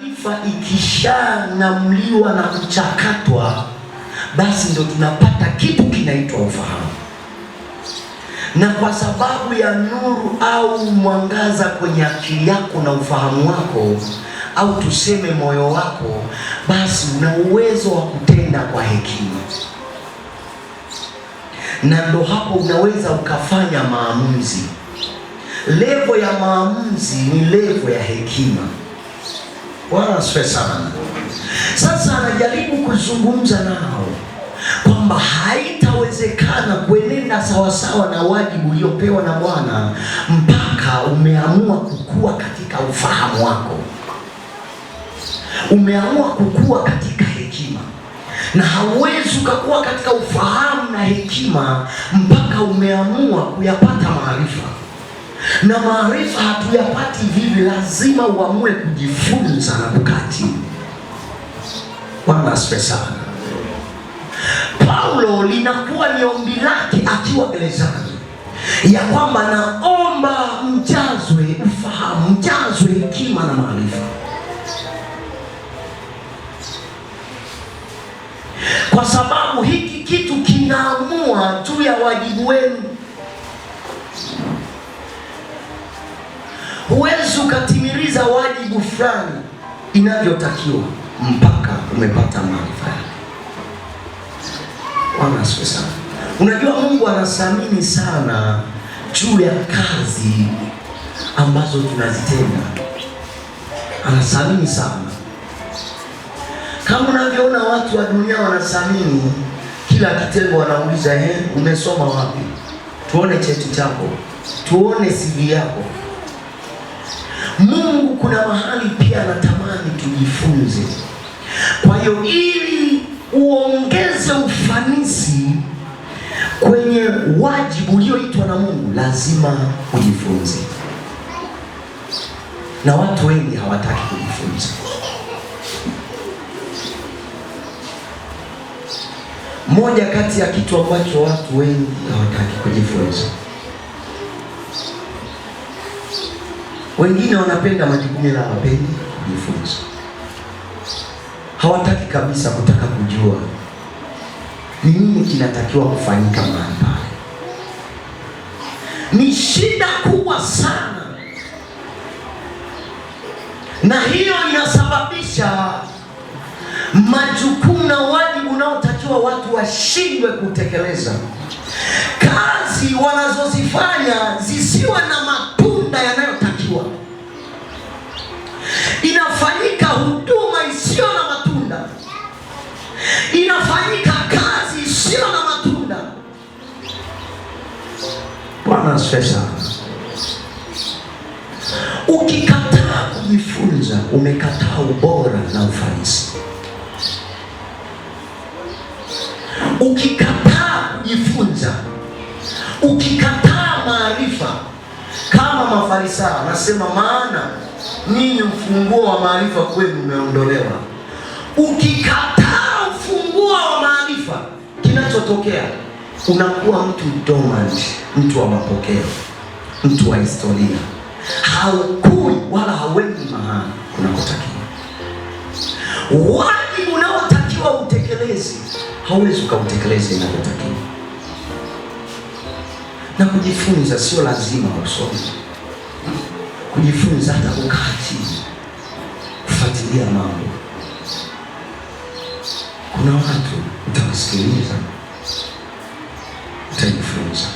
Taarifa ikishanamliwa na kuchakatwa, basi ndio tunapata kitu kinaitwa ufahamu. Na kwa sababu ya nuru au mwangaza kwenye akili yako na ufahamu wako au tuseme moyo wako, basi una uwezo wa kutenda kwa hekima, na ndo hapo unaweza ukafanya maamuzi. Levo ya maamuzi ni levo ya hekima. Bwana asifiwe sana. Sasa anajaribu kuzungumza nao kwamba haitawezekana kuenenda sawasawa na wajibu uliopewa na Bwana mpaka umeamua kukua katika ufahamu wako, umeamua kukua katika hekima, na hauwezi ukakuwa katika ufahamu na hekima mpaka umeamua kuyapata maarifa na maarifa hatuyapati hivi, lazima uamue kujifunza na kukati. Bwana asifiwe sana. Paulo linakuwa ni ombi lake akiwa gerezani ya kwamba naomba mjazwe ufahamu, mjazwe hekima na maarifa, kwa sababu hiki kitu kinaamua juu ya wajibu wenu Huwezi ukatimiliza wajibu fulani inavyotakiwa mpaka umepata maarifa yake. Bwana asifiwe sana. Unajua Mungu anathamini sana juu ya kazi ambazo tunazitenda, anathamini sana kama unavyoona watu wa dunia wanathamini kila kitengo, wanauliza eh, umesoma wapi? Tuone cheti chako, tuone CV yako Mungu kuna mahali pia anatamani tujifunze. Kwa hiyo ili uongeze ufanisi kwenye wajibu ulioitwa na Mungu, lazima ujifunze, na watu wengi hawataki kujifunza. Moja kati ya kitu ambacho watu wengi hawataki kujifunza Wengine wanapenda majukumu la hawapendi kujifunza, hawataki kabisa kutaka kujua ni nini kinatakiwa kufanyika mahali pale. Ni shida kubwa sana, na hiyo inasababisha majukumu na wajibu unaotakiwa watu washindwe kutekeleza, kazi wanazozifanya zisiwe na matunda yanayo hatua. Inafanyika huduma isiyo na matunda, inafanyika kazi isiyo na matunda. Bwana asifiwe sana. Ukikataa kujifunza, umekataa ubora na ufanisi. kama anasema maana ninyi mfunguo wa maarifa kwenu umeondolewa. Ukikataa ufunguo wa maarifa, kinachotokea unakuwa mtu dormant, mtu wa mapokeo, mtu wa historia, haukui wala hauendi mahali kunakotakiwa. Wajibu unaotakiwa utekelezi hauwezi ukautekeleze inakotakiwa na kujifunza sio lazima usome kujifunza hata kukaa chini kufuatilia mambo. Kuna watu utawasikiliza, utajifunza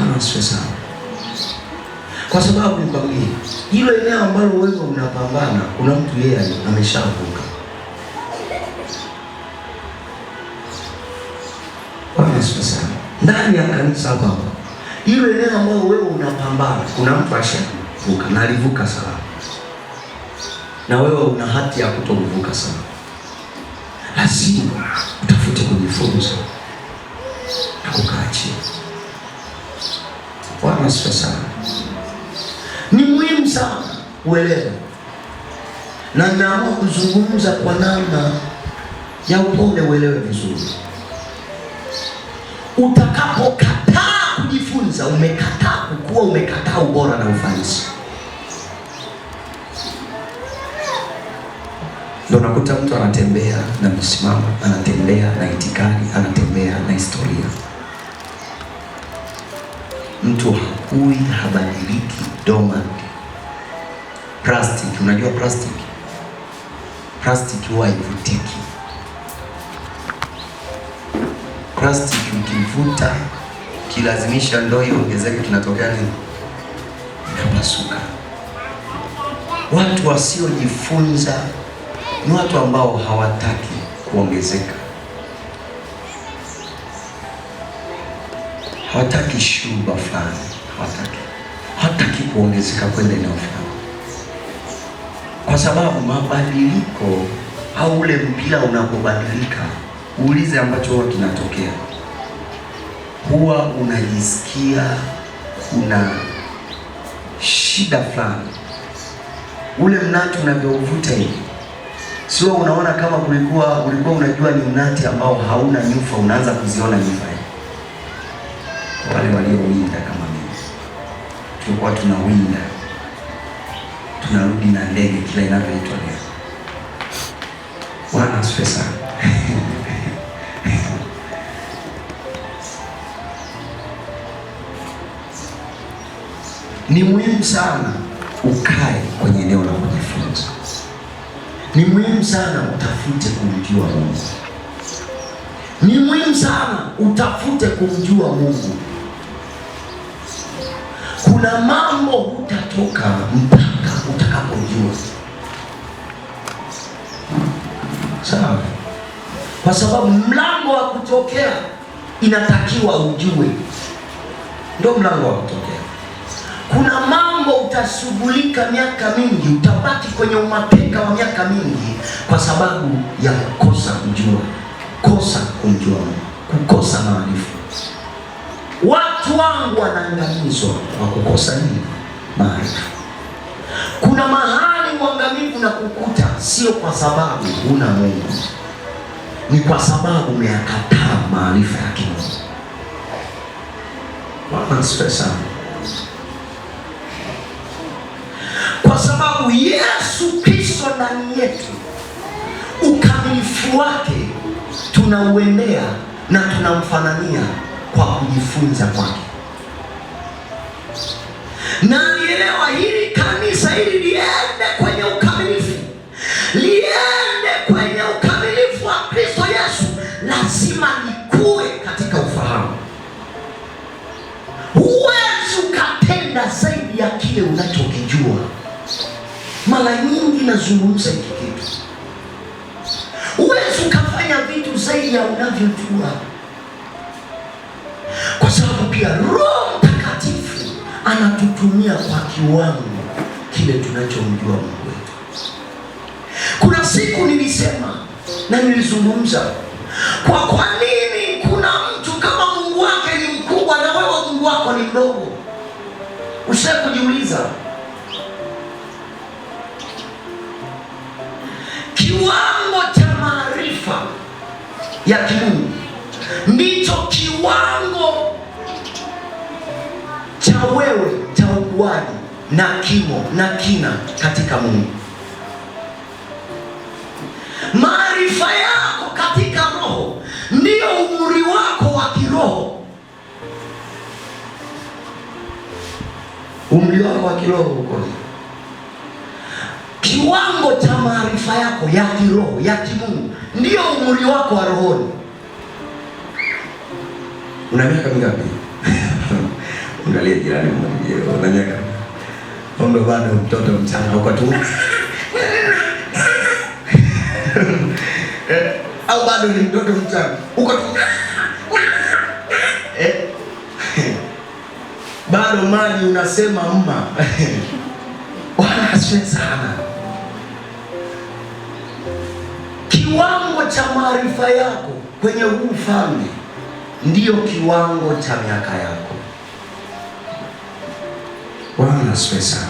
wanaswe sana, kwa sababu nikwambie, hilo eneo ambalo wewe unapambana, kuna mtu yeye ameshavuka. Wanaswe sana ndani ya kanisa hapa hilo eneo ambalo wewe unapambana, kuna mtu ashavuka na alivuka salama, na wewe una hati ya kutovuka salama. Lazima utafute kujifunza na kukaa chini. Bwana asifiwe sana. Ni muhimu sana uelewe, na ninaamua kuzungumza kwa namna ya upole, uelewe vizuri utakapokaa umekataa kukua, umekataa ubora na ufanisi. Ndio nakuta mtu anatembea na msimamo, anatembea na itikadi, anatembea na historia. Mtu hakui, habadiliki, doma plastic. Unajua plastic, plastic huwa haivutiki. Plastic ukivuta kilazimisha ndoo iongezeke, kinatokea nini? Inapasuka. Watu wasiojifunza ni watu ambao hawataki kuongezeka, hawataki shuba fulani, hawataki hawataki kuongezeka kwenda eneo fulani, kwa sababu mabadiliko au ule mpira unapobadilika, uulize ambacho huwa kinatokea huwa unajisikia kuna shida fulani. Ule mnati unavyouvuta hivi, sio unaona kama kulikuwa ulikuwa unajua ni mnati ambao hauna nyufa, unaanza kuziona nyufa. Wale waliowinda kama mimi, tulikuwa tunawinda tunarudi na ndege kila inavyoitwa leo. Bwana asifiwe sana. Ni muhimu sana ukae kwenye eneo la kujifunza. Ni muhimu sana utafute kumjua Mungu. Ni muhimu sana utafute kumjua Mungu. Kuna mambo hutatoka mpaka utakapojua, sawa? Kwa sababu mlango wa kutokea inatakiwa ujue, ndio mlango wa kutokea hautashughulika miaka mingi, utabaki kwenye umapeka wa miaka mingi kwa sababu ya kukosa kujua, kosa kumjua, kukosa maarifa. Watu wangu wanaangamizwa kwa kukosa nini? Maarifa. Kuna mahali uangamivu na kukuta, sio kwa sababu huna Mungu, ni kwa sababu umeyakataa maarifa ya Mungu. Bwana asifiwe sana. kwa sababu Yesu Kristo ndani yetu, ukamilifu wake tunauendea na tunamfanania kwa kujifunza kwake. Na nielewa, hili kanisa hili liende kwenye ukamilifu, liende kwenye ukamilifu wa Kristo Yesu, lazima likue katika ufahamu. Huwezi ukatenda zaidi ya kile unacho mara nyingi nazungumza hiki kitu, huwezi ukafanya vitu zaidi ya unavyojua, kwa sababu pia Roho Mtakatifu anatutumia kwa kiwango kile tunachomjua Mungu wetu. Kuna siku nilisema na nilizungumza kwa kwa nini kuna mtu kama Mungu wake ni mkubwa na wewe Mungu wako ni mdogo. kujiuliza ya kimungu ndicho kiwango cha wewe cha ukuaji na kimo na kina katika Mungu. Maarifa yako katika roho ndiyo umri wako wa kiroho. Umri wako wa kiroho uko kiwango cha maarifa yako ya kiroho ya kimungu ndio umri wako wa rohoni. Una miaka mingapi? Angalia jirani mmoja, una miaka. Ndio bado mtoto mchanga uko tu. Eh, au bado ni mtoto mchanga uko tu. Eh, bado maji unasema mma. Wala haswe sana. cha maarifa yako kwenye huu ufalme ndiyo kiwango cha miaka yako. Bwana asifiwe sana.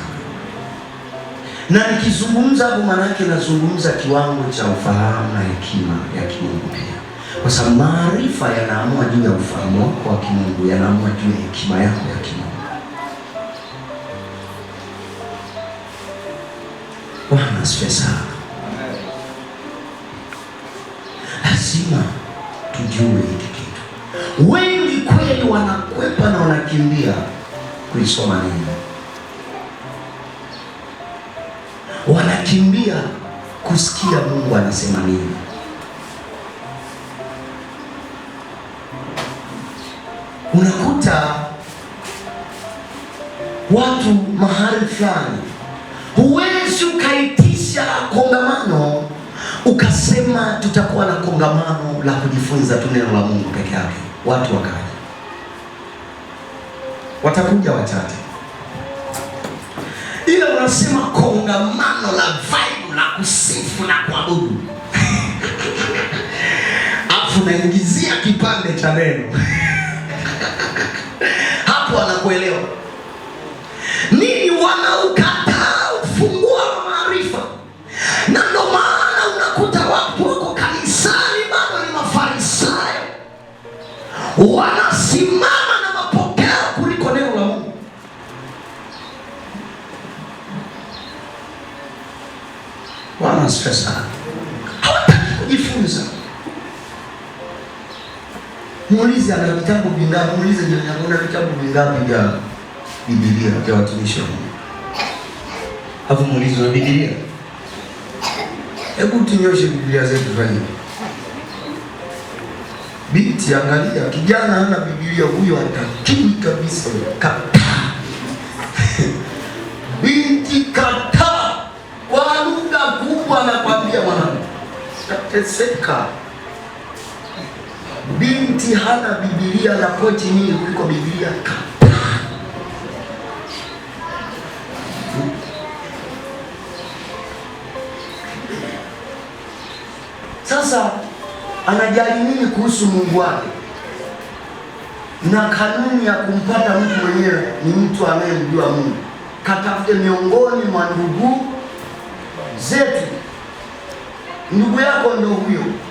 Na nikizungumza hapo, yake nazungumza kiwango cha ufahamu na hekima ya kimungu pia, kwa sababu maarifa yanaamua juu ya ufahamu wako wa kimungu, yanaamua juu ya hekima yako ya kimungu. Bwana asifiwe sana. lazima tujue hiki kitu. Wengi kweli wanakwepa na wanakimbia kuisoma neno, wanakimbia kusikia Mungu anasema nini. Unakuta watu mahali fulani, huwezi ukaitisha kongamano ukasema tutakuwa na kongamano la kujifunza tu neno la Mungu peke yake. Watu wakaja, watakuja wachache, ila unasema kongamano la vibe la kusifu na kuabudu afu naingizia kipande cha neno wanasimama na mapokeo kuliko neno la Mungu. Wana stress sana, hawataki kujifunza. Muulize ana vitabu vingapi? Muulize jirani yako vitabu vingapi vya Biblia vya watumishi wa Mungu, hapo muulize na Biblia. Hebu tunyoshe Biblia zetu fanyike Binti angalia, kijana ana Biblia, huyo atakini kabisa. Kata binti, kataa kwa lugha kubwa, anakwambia mwanangu, ateseka Binti hana Biblia na pochi nyingi kuliko Biblia, kataa. Sasa anajali nini kuhusu Mungu wake. Na kanuni ya kumpata mtu mwenyewe ni mtu anayemjua Mungu. Katafute miongoni mwa ndugu zetu, ndugu yako ndio huyo.